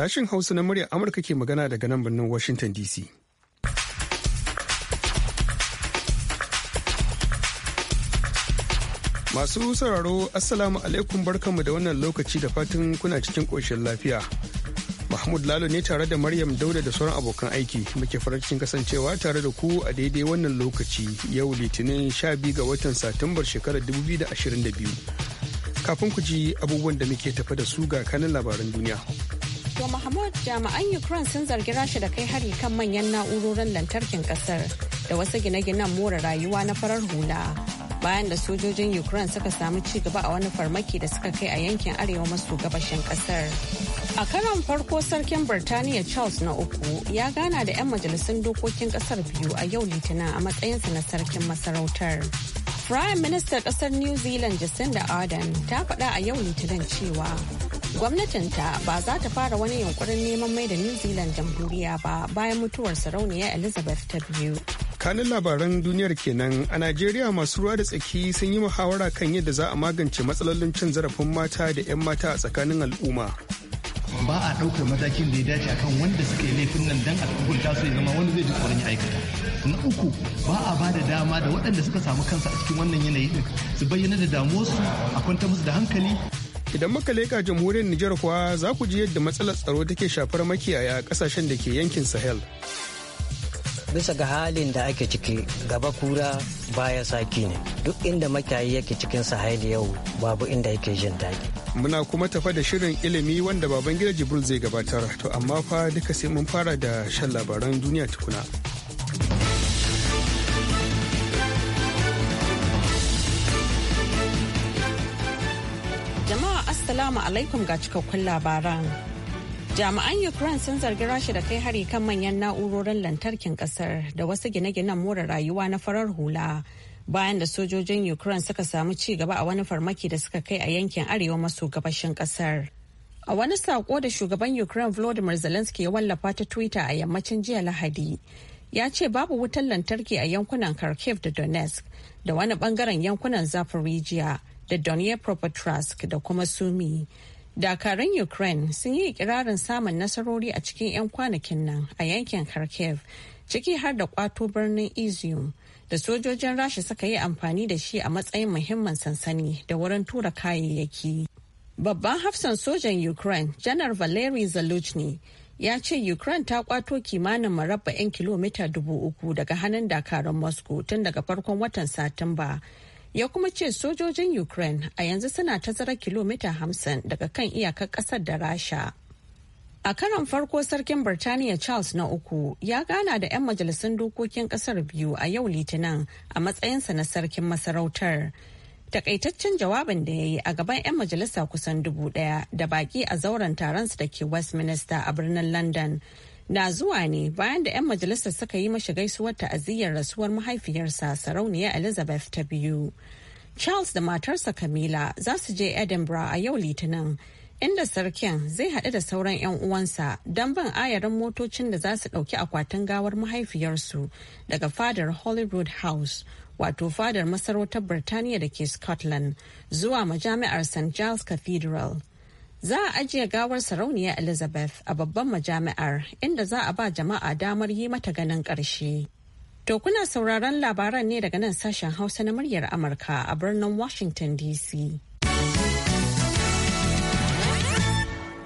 sashen Hausa na muryar Amurka ke magana daga nan birnin Washington DC. Masu sauraro Assalamu alaikum barkanmu da wannan lokaci da fatan kuna cikin ƙoshin lafiya. Mahmud Lalo ne tare da Maryam Dauda da sauran abokan aiki muke farin cikin kasancewa tare da ku a daidai wannan lokaci yau Litinin Sha biyu ga watan Satumbar shekarar da biyu. Kafin ku ji abubuwan da muke tafa da su ga kanin labaran duniya. To Mahmud jami'an Ukraine sun zargi Rasha da kai hari kan manyan na'urorin lantarkin kasar da wasu gine-ginen more rayuwa na farar hula. Bayan da sojojin Ukraine suka samu ci gaba a wani farmaki da suka kai a yankin arewa maso gabashin kasar. A karon farko sarkin Birtaniya Charles na uku ya gana da 'yan majalisun dokokin kasar biyu a yau litinin a matsayinsa na sarkin masarautar. Prime Minister kasar New Zealand Jacinda Ardern ta faɗa a yau litinin cewa gwamnatinta ba za ta fara wani yunkurin neman mai da new zealand jamhuriya ba bayan mutuwar sarauniya elizabeth ta biyu kanin labaran duniyar kenan a najeriya masu ruwa da tsaki sun yi muhawara kan yadda za a magance matsalolin cin zarafin mata da 'yan mata a tsakanin al'umma ba a ɗaukar matakin da ya dace akan wanda suka yi laifin nan don a hukunta su ya zama wani zai ji tsoron ya aikata na uku ba a ba da dama da waɗanda suka samu kansa a cikin wannan yanayi su bayyana da damuwarsu a kwanta musu da hankali Idan muka leƙa jamhuriyar Nijar kuwa za ku ji yadda matsalar tsaro take shafar makiyaya kasashen da ke yankin Sahel. bisa ga halin da ake ciki gaba kura baya saki ne duk inda makiyayi yake cikin sahel yau babu inda yake jin daɗi. muna kuma tafa da shirin ilimi wanda baban gida jibril zai gabatar to amma fa duka sai mun fara da shan labaran duniya tukuna. Assalamu alaikum ga cikakkun labaran. Jami'an Ukraine sun zargi Rasha da kai hari kan manyan na'urorin lantarkin kasar da wasu gine-ginen more rayuwa na farar hula bayan da sojojin Ukraine suka samu ci gaba a wani farmaki da suka kai a yankin arewa maso gabashin kasar. A wani saƙo da shugaban Ukraine Volodymyr Zelensky ya wallafa ta Twitter a yammacin jiya Lahadi, ya ce babu wutar lantarki a yankunan Kharkiv da Donetsk da wani bangaren yankunan Zaporizhia da Donye Propatrask da kuma Sumi. Dakarun Ukraine sun yi ikirarin samun nasarori a cikin 'yan kwanakin nan a yankin Kharkiv, ciki har da kwato birnin Izium da sojojin Rasha suka yi amfani da shi a matsayin muhimman sansani da wurin tura kayayyaki. Babban hafsan sojan Ukraine, Janar Valery Zaluchny, ya ce Ukraine ta kwato kimanin marabba'in kilomita dubu uku daga hannun dakarun Moscow tun daga farkon watan Satumba. ya kuma ce sojojin ukraine a yanzu suna tazara kilomita hamsin daga kan iyakar kasar da rasha a karon farko sarkin birtaniya charles na uku ya gana da 'yan majalisun dokokin kasar biyu a yau litinin a matsayinsa na sarkin masarautar takaitaccen jawabin da ya yi a gaban 'yan majalisa kusan dubu daya da baki a zauren taron su da ke westminster a birnin london na zuwa ne bayan da 'yan majalisar suka yi mashi gaisuwar ta'aziyyar rasuwar mahaifiyarsa sarauniya elizabeth ta biyu charles da matarsa camilla za su je edinburgh a yau litinin inda sarkin zai haɗu da sauran 'yan uwansa don bin ayarin motocin da za su ɗauki akwatin gawar mahaifiyarsu daga fadar Hollywood house wato fadar masarautar birtaniya da ke scotland zuwa majami'ar st giles cathedral Za a ajiye gawar sarauniya Elizabeth a babban majami'ar inda za a ba jama'a damar yi mata ganin ƙarshe. To kuna sauraron labaran ne daga nan sashen Hausa na muryar Amurka a birnin Washington DC.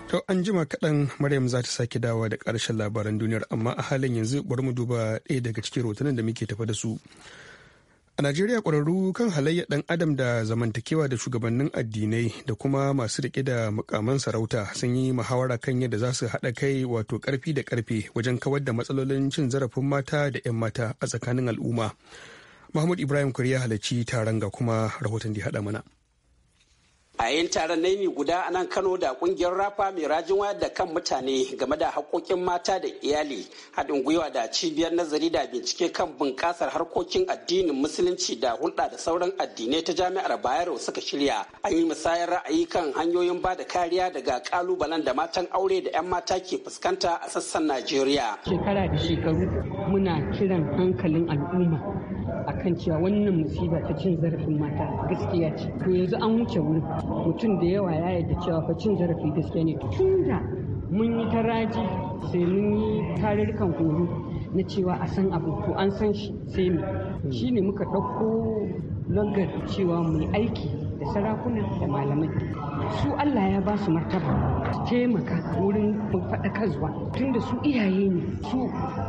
To an jima kaɗan Maryam za ta sake dawa da ƙarshen labaran duniyar amma a halin yanzu bari mu duba ɗaya daga cikin rotunan da muke tafa da su. A Najeriya ƙwararru kan halayyar ɗan adam da zamantakewa da shugabannin addinai da kuma masu riƙe da mukaman sarauta sun yi muhawara kan yadda za su haɗa kai wato ƙarfi da ƙarfe wajen kawar da matsalolin cin zarafin mata da 'yan mata a tsakanin al'umma. Mahmud Ibrahim Kuriya halarci taron ga kuma rahoton da haɗa mana. a yayin taron naimi guda a nan kano da kungiyar rafa mai rajin wayar da kan mutane game da haƙoƙin mata da iyali haɗin gwiwa da cibiyar nazari da bincike kan bunƙasar harkokin addinin musulunci da hulɗa da sauran addinai ta jami'ar bayero suka shirya an yi musayar ra'ayi kan hanyoyin ba da kariya daga ƙalubalen da matan aure da 'yan mata ke fuskanta a sassan najeriya shekara da shekaru muna kiran hankalin al'umma kan cewa wannan musiba ta cin zarafin mata gaskiya ce to yanzu an wuce wurin mutum da yawa ya yarda cewa fa cin zarafi gaskiya ne tun da mun yi ta sai mun yi tarurrukan horo na cewa a san abu ko an san shi sai mu shine muka ɗauko langar cewa mu aiki da sarakunan da malamai su Allah ya ba su martaba taimaka wurin faɗakarwa tunda su iyaye ne su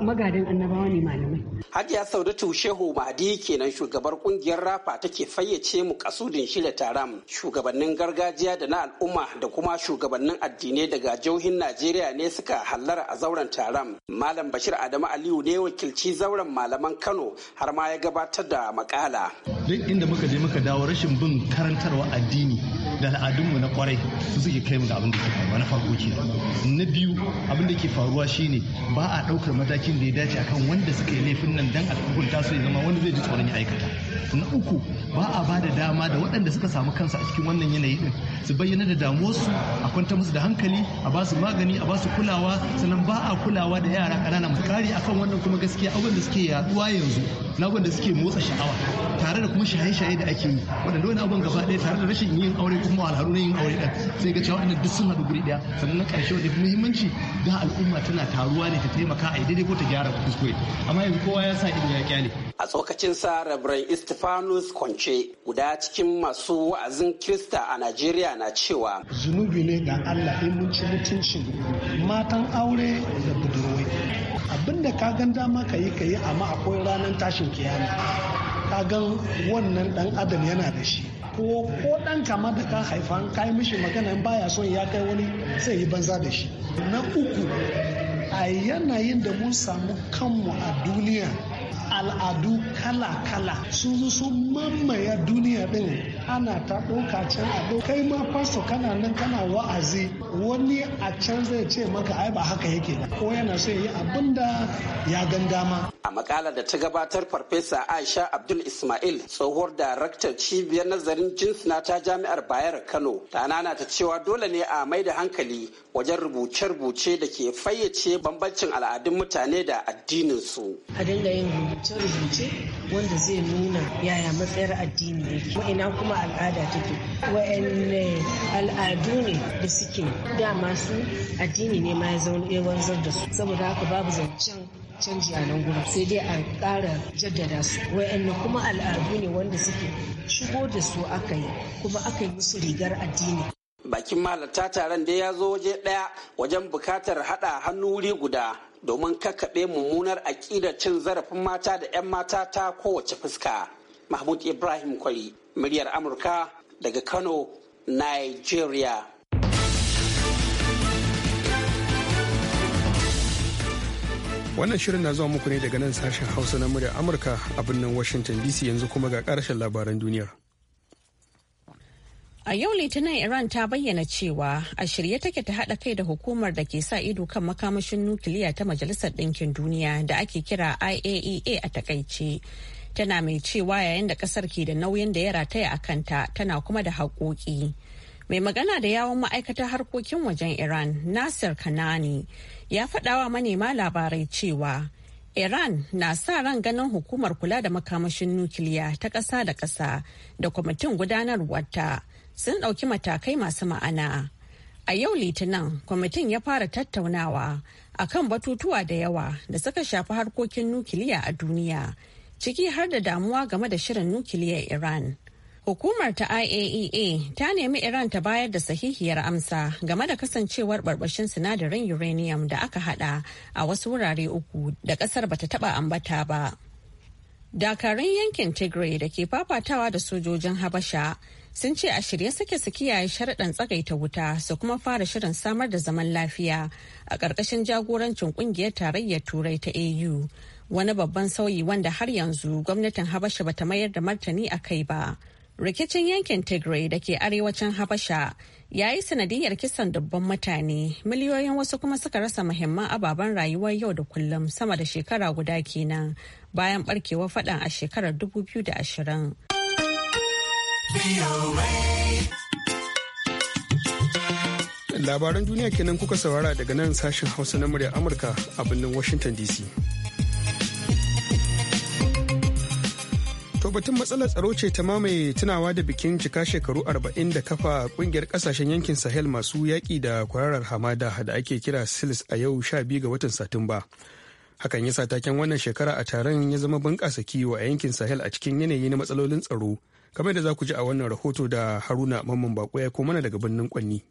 magadan annabawa ne malamai. Hajiya Saudatu Shehu Mahadi kenan shugabar kungiyar Rafa take fayyace mu kasudin shirya taron shugabannin gargajiya da na al'umma da kuma shugabannin addinai daga jihohin Najeriya ne suka hallara a zauren taron. Malam Bashir Adamu Aliyu ne wakilci zauren malaman Kano har ma ya gabatar da makala. Duk inda muka je muka dawo rashin bin karan karantarwa addini da al'adunmu na kwarai su suke kai mu ga abin da ke faruwa na farko kenan na biyu abin da ke faruwa shine ba a ɗaukar matakin da ya dace akan wanda suka yi laifin nan dan a ta su ya zama wanda zai ji tsoron ya aikata na uku ba a ba da dama da waɗanda suka samu kansu a cikin wannan yanayi din su bayyana da damuwarsu a kwanta musu da hankali a ba su magani a ba su kulawa sannan ba a kulawa da yara ƙanana mu kare akan wannan kuma gaskiya abubuwan da suke yaduwa yanzu na da suke motsa sha'awa tare da kuma shaye-shaye da ake yi waɗanda wani abin gaba ɗaya tare da rashin yin aure kuma alharu na yin aure ɗin, sai ga cewa inda duk sun haɗu guri ɗaya sannan na ƙarshe wanda muhimmanci da al'umma tana taruwa ne ta taimaka a daidai ko ta gyara kuskure amma yanzu kowa ya sa ido ya kyale. a tsokacin sa rabirai istifanus kwance guda cikin masu wa'azin kirista a najeriya na cewa zunubi ne ga allah in mun ci mutuncin matan aure da budurwai abinda ka gan dama ka yi ka yi amma akwai ranar tashin kiyama ka gan wannan dan adam yana da shi ko ko dan kama da ka haifa ka yi mishi magana in baya son ya kai wani zai yi banza da shi na uku a yanayin da mun samu kanmu a duniya al'adu kala-kala sun zo sun mamaya duniya din ana ta ɗauka can a kai ma faso kana nan kana wa'azi wani a can zai ce maka ai ba haka yake ba ko yana so ya yi abin da ya gan dama a makala da ta gabatar farfesa aisha abdul ismail tsohuwar daraktar cibiyar nazarin jinsina ta jami'ar bayar kano ta nana ta cewa dole ne a mai da hankali wajen rubuce-rubuce da ke fayyace bambancin al'adun mutane da addininsu a dinga yin rubuce-rubuce wanda zai nuna yaya matsayar addini yake wa'ina kuma al'ada take wa'anne al'adu ne da suke dama su addini ne ma ya wanzar da su saboda haka babu zancen canji a nan gudu sai dai a ƙara jaddada su wa'anne kuma al'adu ne wanda suke shigo da su aka yi kuma aka yi musu rigar addini bakin malata taron da ya zo waje ɗaya wajen bukatar haɗa hannu wuri guda domin kakkaɓe mummunar aƙidar cin zarafin mata da 'yan mata ta kowace fuska. Mahmud Ibrahim Kwari, muryar Amurka daga Kano, Nigeria. Wannan shirin na zuwa muku ne daga nan sashen Hausa na muryar Amurka a birnin Washington DC yanzu kuma ga ƙarshen labaran duniyar. A yau Litinin Iran ta bayyana cewa a shirye take ta haɗa kai da hukumar da ke sa ido kan makamashin nukiliya ta Majalisar Ɗinkin Duniya da ake kira IAEA e a takaice. Tana mai cewa yayin da ƙasar ke da nauyin da ya rataya a kanta tana kuma da haƙoƙi. Mai magana da yawon ma'aikatar harkokin wajen Iran Nasir Kanani ya faɗawa manema labarai cewa Iran na sa ran ganin hukumar kula da makamashin nukiliya ta ƙasa da ƙasa da kwamitin gudanarwarta sun ɗauki matakai masu ma'ana. A yau Litinin, kwamitin ya fara tattaunawa a kan batutuwa da yawa da suka shafi harkokin nukiliya a duniya, ciki har da damuwa game da shirin nukiliyar Iran. Hukumar ta IAEA e ta nemi Iran ta bayar da sahihiyar amsa game da kasancewar barbashin sinadarin uranium da aka hada a wasu wurare uku da kasar bata taba ambata ba. Dakarun yankin Tigray da ke fafatawa da sojojin Habasha sun ce a shirye suke su kiyaye sharaɗin tsagaita wuta su kuma fara shirin samar da zaman lafiya a ƙarƙashin jagorancin ƙungiyar tarayyar turai ta au wani babban sauyi wanda har yanzu gwamnatin habasha ba ta mayar da martani a kai ba rikicin yankin tigray da ke arewacin habasha ya yi sanadiyar kisan dubban mutane miliyoyin wasu kuma suka rasa muhimman ababen rayuwar yau da kullum sama da shekara guda kenan bayan barkewar faɗan a shekarar 2020 Labaran duniya kenan kuka saurara daga nan sashen Hausa na muryar Amurka a birnin Washington DC. To batun matsalar tsaro ce ta mamaye tunawa da bikin cika shekaru arba'in da kafa kungiyar kasashen yankin Sahel masu yaƙi da kwararar hamada da ake kira SILS a yau sha biyu ga watan Satumba. Hakan yasa taken wannan shekara a taron ya zama bunƙasa kiwo a yankin Sahel a cikin yanayi na matsalolin tsaro kamar da za ku ji a wannan rahoto da haruna mamman bako ya mana daga birnin kwanni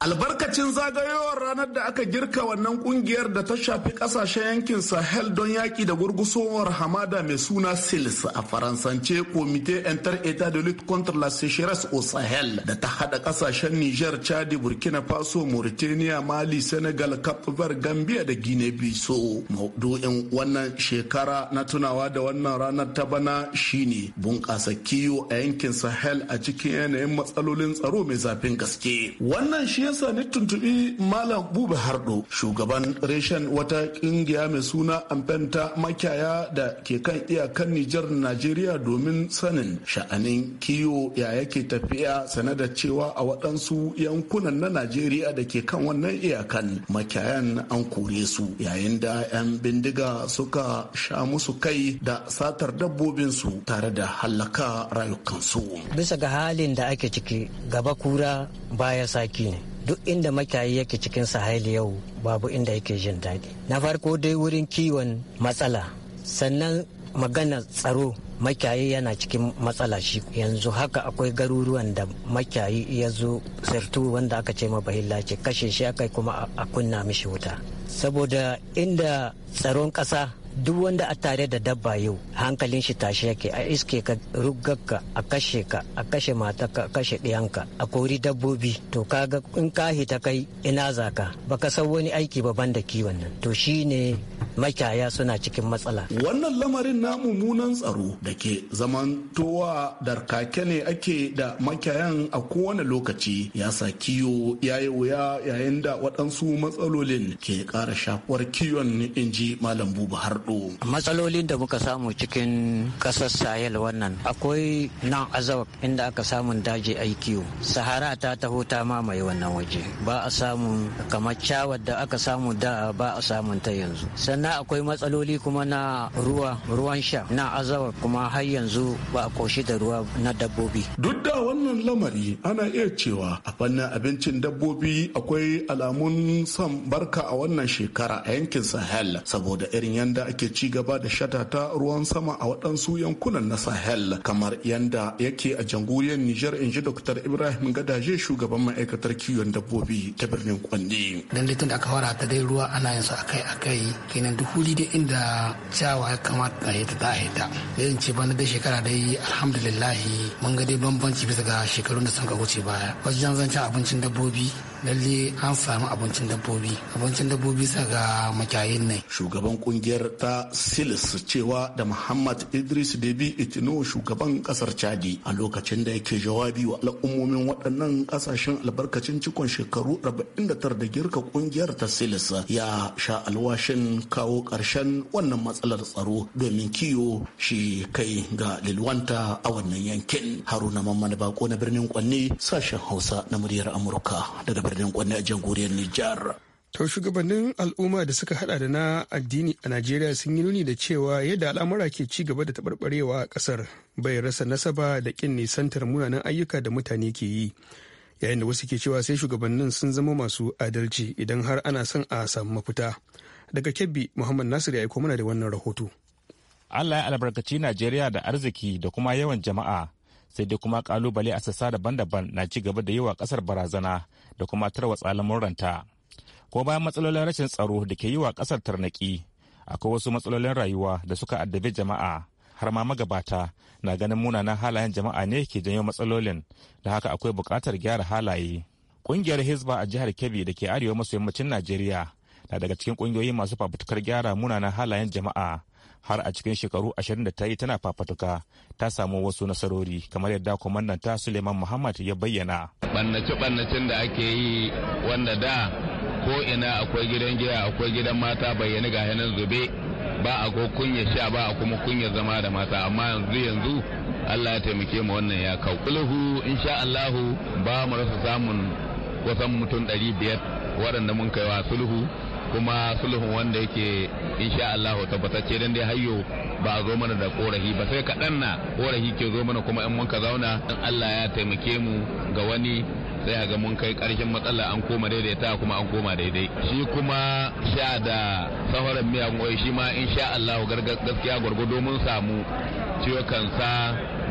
albarkacin zagayowar ranar da aka girka wannan kungiyar da ta shafi kasashen yankin sahel don yaƙi da gurgusowar hamada mai suna sils a faransance comité inter état de lutte contre la sécheresse au sahel da ta haɗa kasashen niger chadi burkina faso mauritania mali senegal cap verde gambia da guinea bissau maudu'in wannan shekara na tunawa da wannan ranar ta bana shine bunƙasa kiyo a yankin sahel a cikin yanayin matsalolin tsaro mai zafin gaske wannan shi yasa ne tuntubi Malam bube Hardo, shugaban reshen wata ƙungiya mai suna Amfenta Makiyaya da ke kan iyakan Nijar Najeriya domin sanin sha'anin kiyo ya yake tafiya sanadar cewa a waɗansu yankunan na Najeriya da ke kan wannan iyakan makiyayan an kore su yayin da 'yan bindiga suka sha musu kai da satar dabbobin su tare da hallaka rayukansu. Bisa ga halin da ake ciki gaba kura baya saki ne. duk inda makiyayi yake cikin saheli yau babu inda yake jin daɗi na farko dai wurin kiwon matsala sannan magana tsaro makiyayi yana cikin matsala shi yanzu haka akwai garuruwan da makiyayi ya zo sirtu wanda aka ce mabahila ce kashe shi aka kuma a kunna mishi wuta saboda inda tsaron ƙasa duk wanda a tare da dabba yau hankalin shi tashi yake a iske ka rugakka a kashe ka a kashe matarka a kashe ɗiyanka a kori dabbobi to kaga in ka hita kai ina za zaka baka san wani aiki ba da kiwon nan to shine makiyaya suna cikin matsala wannan lamarin na mummunan tsaro da ke zaman towa kake ne ake da makiyayan a kowane lokaci ya sa kiwo ya yi wuya yayin da waɗansu matsalolin ke ƙara shafuwar kiwon in ji malam buba har hudu matsalolin da muka samu cikin kasar sahel wannan akwai nan azawak inda aka samun daji aiki sahara ta taho ta mamaye wannan waje ba a samu kamar cawar da aka samu da ba a samun ta yanzu sannan akwai matsaloli kuma na ruwa ruwan sha na azawa kuma har yanzu ba a koshi da ruwa na dabbobi duk da wannan lamari ana iya cewa a fannin abincin dabbobi akwai alamun san barka a wannan shekara a yankin sahel saboda irin yanda ake ci gaba da shatata ruwan sama a waɗansu yankunan na Sahel kamar yanda yake a jamhuriyar Nijar in ji Dr. Ibrahim Gadaje shugaban ma'aikatar kiwon dabbobi ta birnin Kwandi. Dan litin da aka fara ta dai ruwa ana yin su akai akai kenan duk wuri da inda ciyawa ya kamata yi ta ta. Da in ce bana da shekara dai alhamdulillahi mun ga dai bambanci bisa ga shekarun da sun ka wuce baya. Wajen zancen abincin dabbobi lalle an samu abincin dabbobi abincin dabbobi sa ga makayin ne. Shugaban kungiyar ta silis cewa da muhammad idris debi itino shugaban kasar chadi a lokacin da yake jawabi wa al'ummomin waɗannan ƙasashen albarkacin cikon shekaru 49 da girka ƙungiyar ta silis ya sha alwashin kawo ƙarshen wannan matsalar tsaro domin kiyo shi kai ga lilwanta a wannan yankin haruna mamman bako na birnin kwanne sashen hausa na muryar amurka daga birnin kwanne a jamhuriyar nijar To shugabannin al'umma da suka hada da na addini a Najeriya sun yi nuni da cewa yadda al'amura ke ci gaba da taɓarɓarewa a ƙasar bai rasa nasaba da ƙin nisantar munanan ayyuka da mutane ke yi. Yayin da wasu ke cewa sai shugabannin sun zama masu adalci idan har ana son a samu mafita. Daga Kebbi, Muhammad Nasir ya aiko mana da wannan rahoto. Allah ya albarkaci Najeriya da arziki da kuma yawan jama'a. sai dai kuma kalubale a sassa daban-daban na ci gaba da yi wa kasar barazana da kuma tarwatsa lamuranta. ko bayan matsalolin rashin tsaro da ke yi wa ƙasar tarnaki akwai wasu matsalolin rayuwa da suka addabi jama'a har ma magabata na ganin munanan halayen jama'a ne ke janyo matsalolin da haka akwai buƙatar gyara halaye ƙungiyar hizba a jihar kebbi da ke arewa maso yammacin najeriya na daga cikin ƙungiyoyi masu fafutukar gyara munanan halayen jama'a har a cikin shekaru ashirin da ta yi tana fafatuka ta samu wasu nasarori kamar yadda kwamandanta suleiman muhammad ya bayyana ɓannace-ɓannacen da ake yi wanda da ko ina akwai gidan giya akwai gidan mata bayyana ga hannun zube ba a ko kunya sha ba a kuma kunya zama da mata amma yanzu yanzu Allah ya taimake mu wannan ya kau kulhu insha Allah ba mu rasa samun kusan mutum 500 waɗanda mun kai wa sulhu kuma sulhun wanda yake insha Allah tabbatacce dan dai hayyo ba a zo mana da korahi ba sai kaɗan na korahi ke zo mana kuma in mun ka zauna dan Allah ya taimake mu ga wani sai a ga mun kai karshen matsala an koma daidai ta kuma an koma daidai shi kuma sha da sahoran miyan wai shi ma in sha Allah gaskiya gwargwado mun samu ciwo sa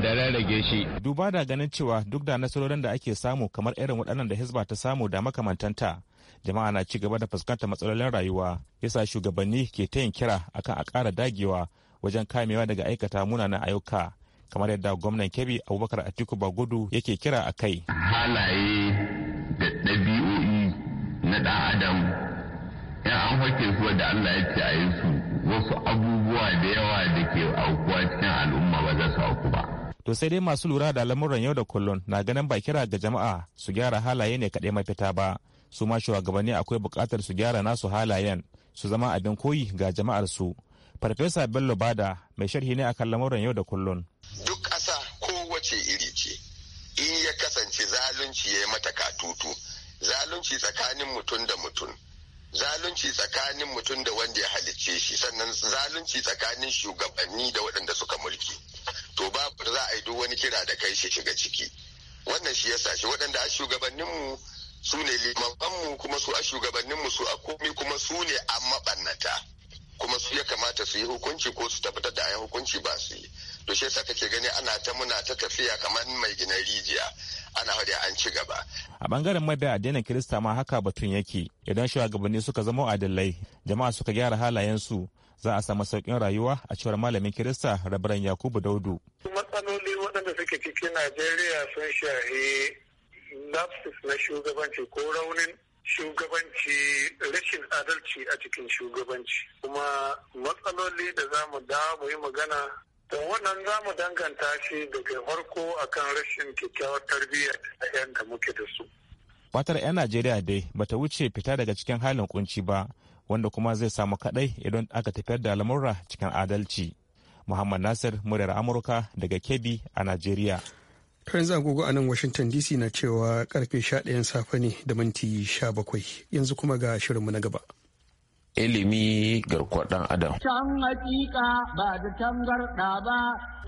da rarrage shi duba da ganin cewa duk da nasarorin da ake samu kamar irin waɗannan da hizba ta samu da makamantanta jama'a na ci gaba da fuskantar matsalolin rayuwa yasa shugabanni ke ta yin kira akan a ƙara dagewa wajen kamewa daga aikata munanan ayyuka kamar yadda gwamnan kebbi abubakar atiku gudu yake kira a kai halaye da ɗabi'o'i na ɗan adam yan an hake su da allah ya ce a yi su wasu abubuwa da yawa da ke aukuwa cikin al'umma ba za su auku ba to sai dai masu lura da lamuran yau da kullum na ganin ba kira ga jama'a su gyara halaye ne kaɗai mafita ba su ma shugabanni akwai buƙatar su gyara nasu halayen su zama abin koyi ga jama'ar su Farfesa Bello Bada mai sharhi ne akan lamuran yau da kullun. Duk ƙasa kowace iri ce, in ya kasance zalunci ya yi mata katutu, zalunci tsakanin mutum da mutum, zalunci tsakanin mutum da wanda ya halicce shi, sannan zalunci tsakanin shugabanni da waɗanda suka mulki. To babu za a yi duk wani kira da kai shi shiga ciki. Wannan shi yasa shi waɗanda a shugabanninmu su ne limanmu kuma su a shugabanninmu su a komi kuma su ne an maɓannata. kuma su ya kamata su yi hukunci ko su tabbatar da an hukunci ba su yi to shi yasa kake gani ana ta muna ta tafiya kamar mai gina rijiya ana hada an ci gaba a bangaren mada addinin kirista ma haka batun yake idan shugabanni suka zama adalai jama'a suka gyara halayen su za a samu sauƙin rayuwa a cewar malamin kirista rabaran yakubu daudu matsaloli waɗanda suke cikin najeriya sun shahi lapsus na shugabanci ko raunin shugabanci rashin adalci a cikin shugabanci kuma matsaloli da za mu dawo mu yi magana to wannan za mu danganta shi daga farko a kan rashin kyakkyawar tarbiyya a yan da muke da su fatar 'yan najeriya dai bata wuce fita daga cikin halin kunci ba wanda kuma zai samu kadai idan aka tafiyar da lamurra cikin adalci muhammad nasir muryar amurka daga kebbi a najeriya yanzu agogo a nan washington dc na cewa karfe 11 safe ne da minti 17 yanzu kuma ga shirinmu na gaba ilimi garkuwar ɗan adam can hakika ba da tangarda ba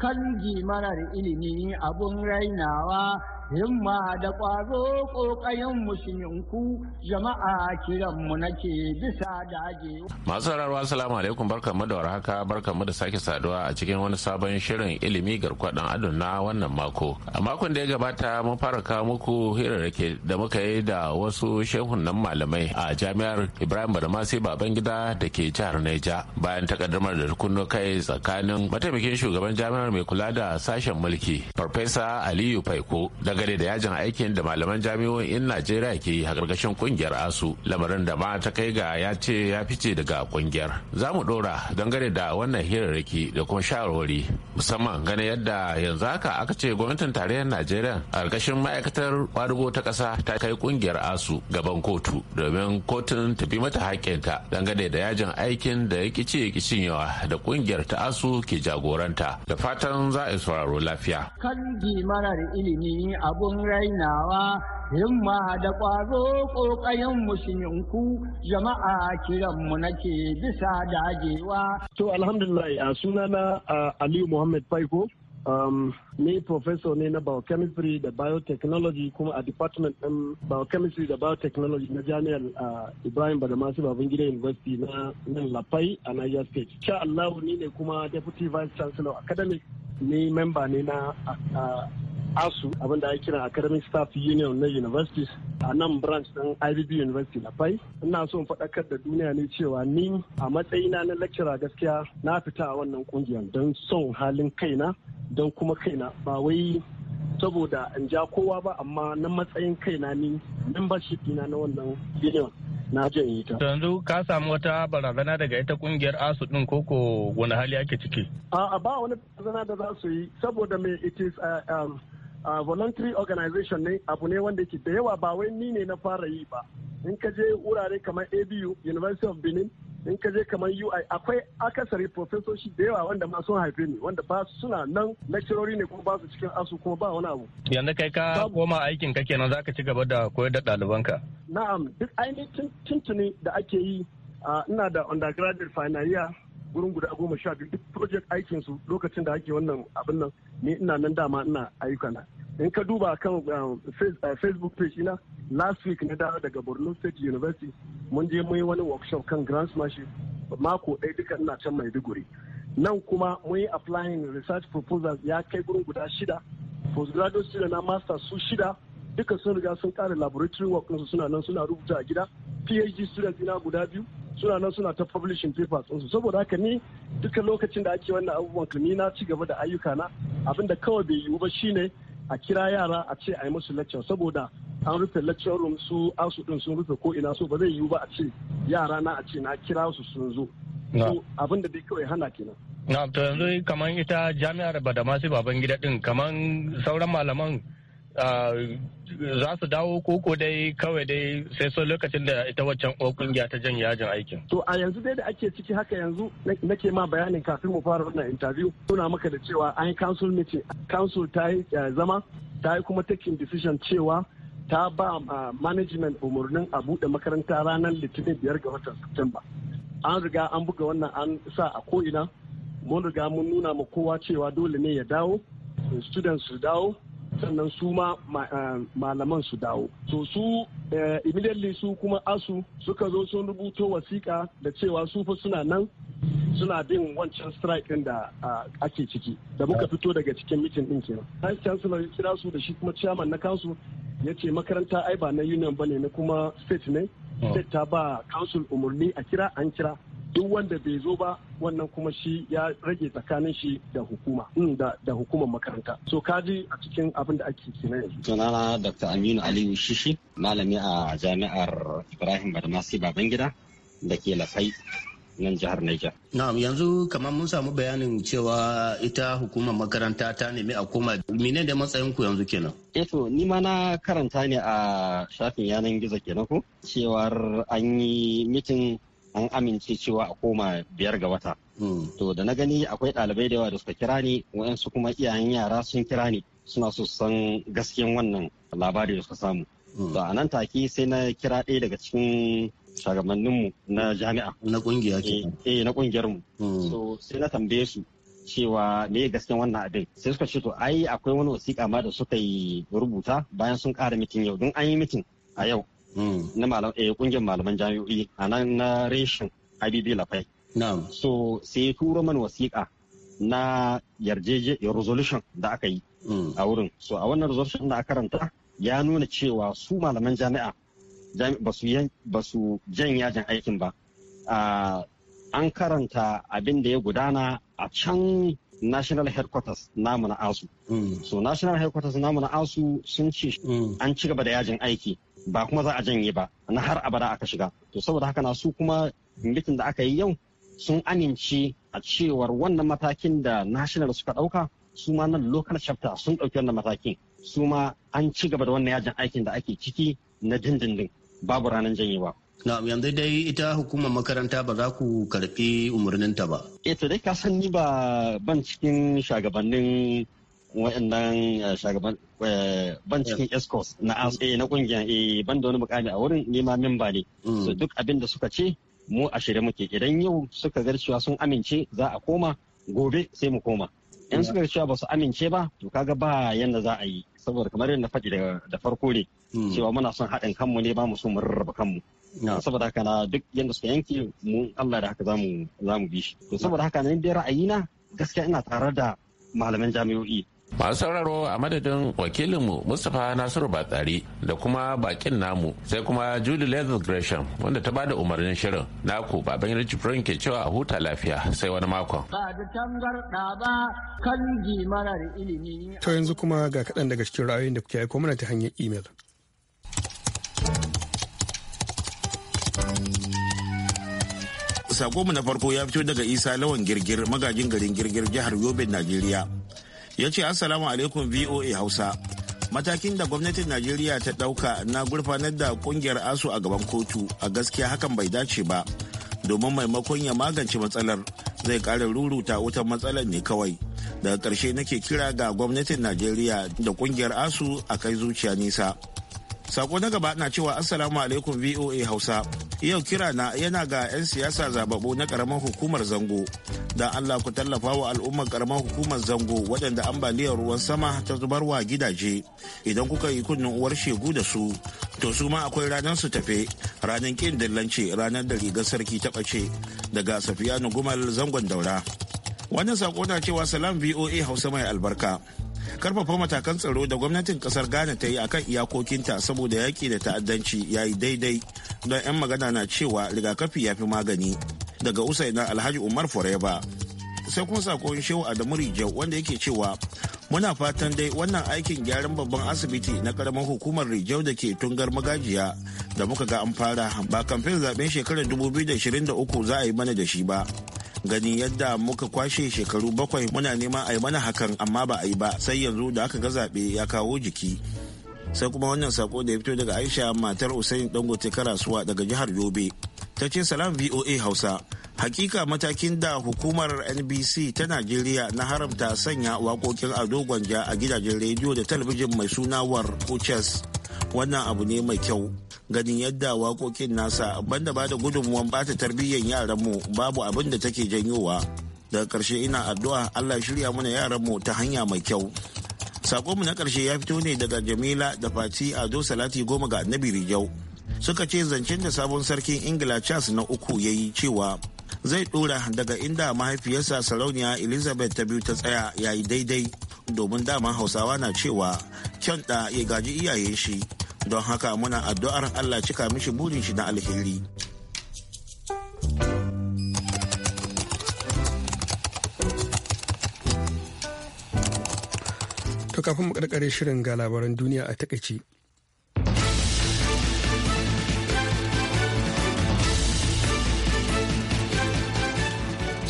kan marar ilimi abun rainawa himma da ƙwazo ƙoƙayen musulminku jama'a kiranmu nake bisa dage. Masu rarwa salamu alaikum barkanmu da warhaka barkanmu da sake saduwa a cikin wani sabon shirin ilimi garkuwa dan adon na wannan mako. A makon da ya gabata mun fara kawo muku hirarrake da muka yi da wasu shehun nan malamai a jami'ar Ibrahim Badamasi Babangida da ke jihar Neja bayan takaddamar da kunno kai tsakanin mataimakin shugaban jami'ar mai kula da sashen mulki Farfesa Aliyu Faiko da gare da yajin aikin da malaman jami'o'in najeriya ke yi a ƙarƙashin ƙungiyar asu lamarin da ma ta kai ga ya ce ya fice daga kungiyar za mu ɗora gare da wannan hirarraki da kuma shawarwari musamman gane yadda yanzu haka aka ce gwamnatin tarayyar najeriya a ƙarƙashin ma'aikatar kwadugo ta ƙasa ta kai kungiyar asu gaban kotu domin kotun tafi mata haƙƙinta dangane da yajin aikin da ya ƙici yawa da kungiyar ta asu ke jagoranta da fatan za a yi sauraro lafiya. kan mana da ilimi abun rainawa himma da ƙwazo ƙoƙayen ku? jama'a kiranmu nake bisa dajewa. To alhamdulillah a sunana Aliyu Muhammad Faiko. Um, ni professor ne na biochemistry da biotechnology kuma a department ɗin biochemistry da biotechnology na jami'ar uh, ibrahim badamasi babangida university na nan lafai a niger state sha allahu ni ne kuma deputy vice chancellor academic ni memba ne na asu abin da ake kira academic staff union na universities a nan branch ɗin ibb university na fai. ina son faɗakar da duniya ne cewa ni a matsayina na lecturer gaskiya na fita a wannan ƙungiyar don son halin kaina don kuma kaina ba wai saboda in ja kowa ba amma na matsayin kaina ni membership na na wannan union na janye ta. yanzu ka samu wata barazana daga ita kungiyar asu din koko wani hali ake ciki? a ba wani barazana da za su yi saboda me it is uh, um, voluntary organization ne abu ne wanda yake da yawa ba wai ni ne na fara yi ba in ka je wurare kamar abu university of benin in ka je kamar ui akwai akasari professorship da yawa wanda ma sun haife ni wanda ba suna nan lecturori ne kuma ba su cikin asu kuma ba wani abu yanzu kai ka koma aikin ka kenan zaka ci gaba da koyar da ɗalibanka na'am duk ainihin tuntuni da ake yi ina da undergraduate final year gurin guda goma sha biyu duk project aikin su lokacin da ake wannan abin nan ni ina nan dama ina ayyuka na in ka duba kan um, uh, facebook page ina last week na dawo daga borno state university mun je mun yi wani workshop kan grand grandmastership mako ɗaya duka ina can mai maiduguri nan kuma mun yi applying research proposals ya kai gurin guda shida postgraduate student na master su shida duka sun riga sun kare laboratory work suna nan suna rubuta a gida phd student ina guda biyu suna nan suna ta publishing papers su saboda haka ni duka lokacin da ake wannan abubuwan ni na ci gaba da ayyuka na abin da kawai bai yiwu ba shine a kira yara a ce a yi musu lecture saboda an rufe lecture room su asu din sun rufe ko ina so ba zai yiwu ba a ce yara na a ce na kira su sun zo abin da dai kawai hana kenan na to yanzu kamar ita jami'ar badamasi baban gida din kamar sauran malaman Ah, za su dawo koko dai kawai dai sai so lokacin da ita waccan kungiya ta jan yajin aikin. To a yanzu dai da ake ciki haka yanzu nake ma bayanin kafin mu fara wannan interview suna maka da cewa an yi council meeting council ta yi eh, zama ta yi kuma taking decision cewa ta ba management umarnin a buɗe makaranta ranar litinin biyar ga watan September. An riga an buga wannan an sa a ko'ina mun riga mun nuna ma kowa cewa dole ne ya dawo students su dawo sannan su ma eh, malaman su dawo to su eh, immediately su kuma asu suka zo sun rubuto wasiƙa da cewa su fa suna nan suna bin wancan strike ɗin da ake ciki da muka fito daga cikin mitin ɗin kenan vice chancellor ya kira su da shi kuma chairman na kansu ya ce makaranta ai ba na union bane na kuma state ne oh. state ta ba council umarni a kira an kira duk wanda bai zo ba wannan kuma shi ya rage tsakanin shi da hukuma mm, da hukumar makaranta so ka ji a cikin abin da ake kenan yanzu sunana dr aminu aliyu shishi malami a jami'ar ibrahim badamasi babangida da ke lafai nan jihar Niger. Na'am yanzu kamar mun samu bayanin cewa ita hukumar makaranta ta nemi a koma mine da matsayin ku yanzu kenan. Eto eh ni ma na karanta ne a shafin yanar gizo kenan ko cewar an yi mitin an amince cewa a koma biyar ga wata hmm. to da na gani akwai ɗalibai da yawa da suka kira ni waɗansu kuma iyayen yara sun kira ni suna so san gaskiyan wannan labari da suka samu hmm. to a nan take sai na kira ɗaya daga cikin shagabanninmu na jami'a na kungiya ke eh, eh na kungiyar mu hmm. so sai na tambaye su cewa me gaskiyan wannan abin sai suka ce to ai akwai wani wasiƙa ma da suka yi rubuta bayan sun ƙara mitin yau don an yi mitin a yau Mm. na malam eh kungiyar malaman jami'o'i a nan na reshin IBB Lafai. So sai ya turo mana wasiƙa na yarjeje resolution da aka yi mm. a wurin. So a wannan resolution da aka karanta ya nuna cewa su malaman jami'a ba su jan yajin aikin ba. An karanta abin da ya gudana a can national headquarters namu na asu. Mm. So national headquarters namu na asu sun ce an ci gaba da yajin aiki ba kuma za a janye ba na har abada aka shiga to saboda haka na su kuma mitin da aka yi yau sun amince a cewar wannan matakin da national suka ɗauka su ma nan local chapter sun ɗauki wannan matakin su ma an ci gaba da wannan yajin aikin da ake ciki na dindindin babu ranar janyewa. na yanzu dai ita hukumar makaranta ba za ku karfi umarninta ba. eh to dai ka san ni ba ban cikin shagabannin wa'annan eh, shagaban eh, ban cikin escorts na mm. ASA eh, na kungiyar ban da wani mukami a wurin nema memba ne mm. so duk abin da suka ce mu a shirye muke idan yau suka ga cewa sun amince za a koma gobe sai mu koma in mm. suka ga cewa ba su amince ba to kaga ba yanda za a yi saboda kamar yadda faɗi da farko ne cewa muna son haɗin kanmu ne ba mu so mu rarraba kanmu saboda haka na duk yadda suka yanke mu Allah da haka zamu mu bi shi to saboda haka ne dai ra'ayina gaskiya ina tare da malaman jami'o'i masu sauraro a madadin wakilinmu mustapha nasiru batsari da kuma bakin namu sai kuma julie leather gresham wanda ta bada umarnin shirin naku baban yarji furin ke cewa a huta lafiya sai wani makon to yanzu kuma ga kaɗan daga cikin ra'ayoyin da kuke aiko mana ta hanyar imel sako mu na farko ya fito daga isa lawan girgir magajin garin girgir jihar yobe najeriya ya ce assalamu alaikum voa hausa matakin da gwamnatin najeriya ta ɗauka na gurfanar da kungiyar asu a gaban kotu a gaskiya hakan bai dace ba domin maimakon ya magance matsalar zai ƙara ruruta wutan matsalar ne kawai daga ƙarshe nake kira ga gwamnatin najeriya da kungiyar asu a kai zuciya nisa sako na gaba na cewa assalamu alaikum voa hausa yau kira na yana ga 'yan siyasa zababu na karamar hukumar zango don allah ku tallafa wa al'ummar karamar hukumar zango waɗanda ambaliyar ruwan sama ta zubarwa gidaje idan kuka yi kunnen uwar shegu da su to su ma akwai ranar su tafe ranar kin dillance ranar da rigar sarki ta ɓace daga safiya gumal zangon daura wannan sako na cewa salam voa hausa mai albarka karfafa matakan tsaro da gwamnatin kasar ghana ta yi akan iyakokinta saboda yaƙi da ta'addanci ya yi daidai don 'yan magana na cewa rigakafi ya fi magani daga usaina alhaji umar foreba sai kuma sakon shehu adamu rijau wanda yake cewa muna fatan dai wannan aikin gyaran babban asibiti na karamar hukumar rijau da ke tungar magajiya da muka ga an fara ba kamfen zaben shekarar 2023 za a yi mana da shi ba Gani yadda muka kwashe shekaru bakwai muna neman a yi mana hakan amma ba a yi ba sai yanzu da aka ga zaɓe ya kawo jiki. Sai kuma wannan sako da ya fito daga Aisha matar Usain Dangote Karasuwa daga jihar Yobe. Ta ce salam VOA Hausa. hakika matakin da hukumar nbc ta najeriya na haramta sanya waƙoƙin ado gwanja a gidajen rediyo da talabijin mai suna war wannan abu ne mai kyau ganin yadda waƙoƙin nasa banda ba da gudunmuwan bata tarbiyyar yaranmu babu abin da take janyowa daga karshe ina addu'a allah shirya mana yaranmu ta hanya mai kyau mu na karshe ya fito ne daga jamila da fati ado salati goma ga annabi rijau suka ce zancen da sabon sarkin ingila charles na uku ya yi cewa zai dora daga inda mahaifiyarsa sarauniya elizabeth ta biyu ta tsaya ya yi daidai domin dama hausawa na cewa kyan ɗa ya gaji iyayen shi don haka muna addu'ar allah cika mishi burin shi na alheri To kafin mu karkare shirin ga labaran duniya a takaici.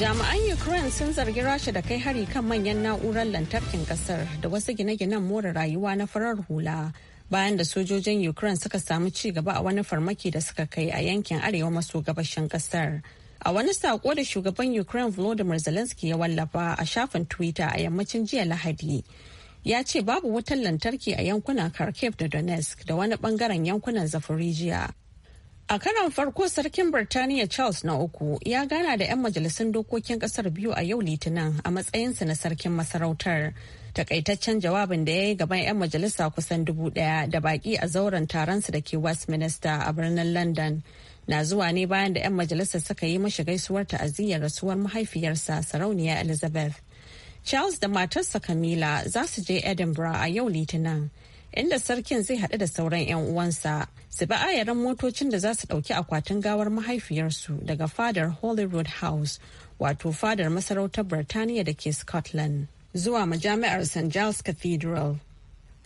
Jami'an Ukraine sun zargi Rasha da kai hari kan manyan na'urar lantarkin kasar da wasu gine-ginen more rayuwa na farar hula bayan da sojojin Ukraine suka samu ci gaba a wani farmaki da suka kai a yankin arewa maso gabashin kasar. A wani sako da shugaban Ukraine Volodymyr Zelensky ya wallafa a shafin Twitter a yammacin jiya Lahadi. Ya ce babu wutar lantarki a yankunan Kharkiv da Donetsk da wani bangaren yankunan Zafirijiya. A karon farko sarkin Birtaniya Charles na uku ya gana da 'yan majalisun dokokin kasar biyu a yau litinin a matsayinsa na sarkin masarautar. takaitaccen jawabin da ya yi gaban 'yan majalisa kusan dubu daya da baki a zauren taron su da ke westminster a birnin london na zuwa ne bayan da 'yan majalisa suka yi mashi gaisuwar ta'aziyyar rasuwar mahaifiyarsa sarauniya elizabeth charles da matarsa camilla za su je edinburgh a yau litinin inda sarkin zai haɗu da sauran 'yan uwansa su bi ayaran motocin da za su ɗauki akwatin gawar mahaifiyarsu daga fadar holyrood house wato fadar masarautar birtaniya da ke scotland zuwa majami'ar St. Giles Cathedral.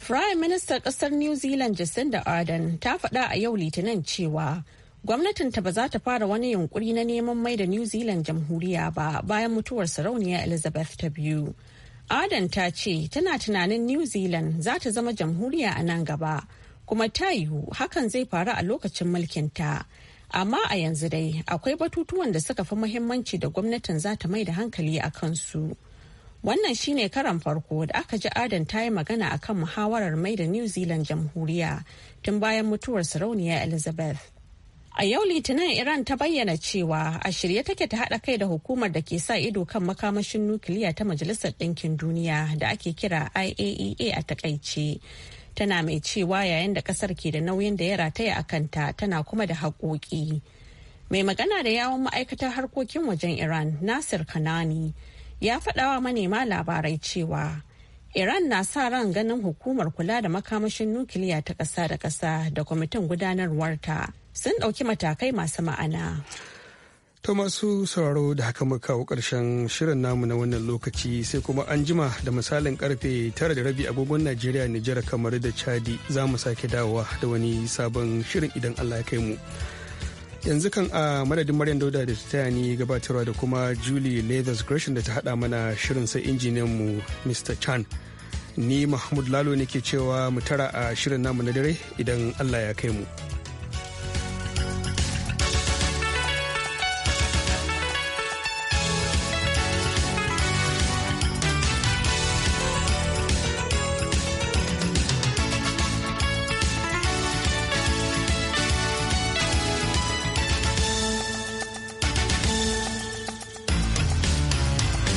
Prime Minister ƙasar New Zealand Jacinda Ardern ta faɗa a yau Litinin cewa gwamnatinta ba za ta fara wani yunkuri na neman mai da New Zealand jamhuriya ba bayan mutuwar sarauniya Elizabeth ta biyu. Ardern ta ce tana tunanin New Zealand za ta zama jamhuriya a nan gaba kuma ta yiwu hakan zai faru a lokacin mulkinta. Amma a yanzu dai akwai batutuwan da suka fi muhimmanci da gwamnatin za ta mai da hankali a kansu. Wannan shine karan farko da aka ji Adan ta yi magana a kan muhawarar mai da New Zealand jamhuriya tun bayan mutuwar sarauniya Elizabeth. A yau Litinin Iran ta bayyana cewa a shirye take ta haɗa kai da hukumar da ke sa ido kan makamashin nukiliya ta Majalisar Ɗinkin Duniya da ake kira IAEA e a takaice. Tana mai cewa yayin da ƙasar ke da nauyin da ya rataya a kanta tana kuma da haƙoƙi. Mai magana da yawon ma'aikatar harkokin wajen Iran Nasir Kanani ya faɗawa manema labarai cewa Iran na sa ran ganin hukumar kula da makamashin nukiliya ta ƙasa da ƙasa da kwamitin gudanarwarta sun ɗauki matakai masu ma'ana. To masu sauraro da haka muka kawo ƙarshen shirin namu na wannan lokaci sai kuma an jima da misalin karfe tara da rabi agogon Najeriya Nijar kamar da Chadi za mu sake dawowa da wani sabon shirin idan Allah ya kai mu. yanzu kan a madadin Maryam Dauda da ta taya gabatarwa da kuma Julie Leathers Gresham da ta hada mana shirin sai injiniyan mu Mr. Chan. Ni Mahmud Lalo ne ke cewa mu tara a shirin namu na dare idan Allah ya kai mu.